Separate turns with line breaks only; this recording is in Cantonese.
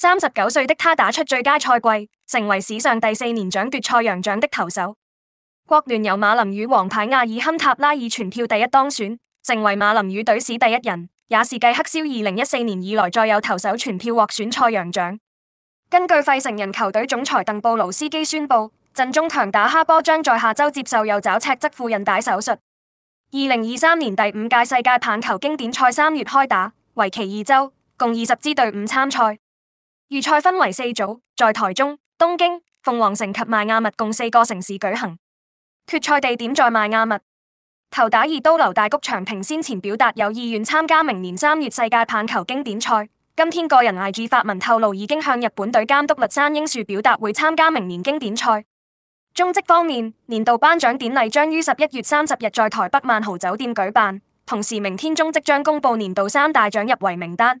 三十九歲的他打出最佳賽季，成為史上第四年獎決賽揚獎的投手。國聯由馬林魚王牌阿爾坎塔拉爾全票第一當選，成為馬林魚隊史第一人，也是繼黑消二零一四年以來再有投手全票獲選賽揚獎。根據費城人球隊總裁鄧布勞斯基宣布，陣中強打哈波將在下周接受右肘尺側副韌帶手術。二零二三年第五屆世界棒球經典賽三月開打，為期二周，共二十支隊伍參賽。預賽分為四組，在台中、東京、鳳凰城及邁亞密共四個城市舉行。決賽地點在邁亞密。頭打二刀流大谷翔平先前表達有意願參加明年三月世界棒球經典賽，今天個人 IG 發文透露，已經向日本隊監督栗山英樹表達會參加明年經典賽。中職方面，年度頒獎典禮將於十一月三十日在台北萬豪酒店舉辦，同時明天中職將公布年度三大獎入圍名單。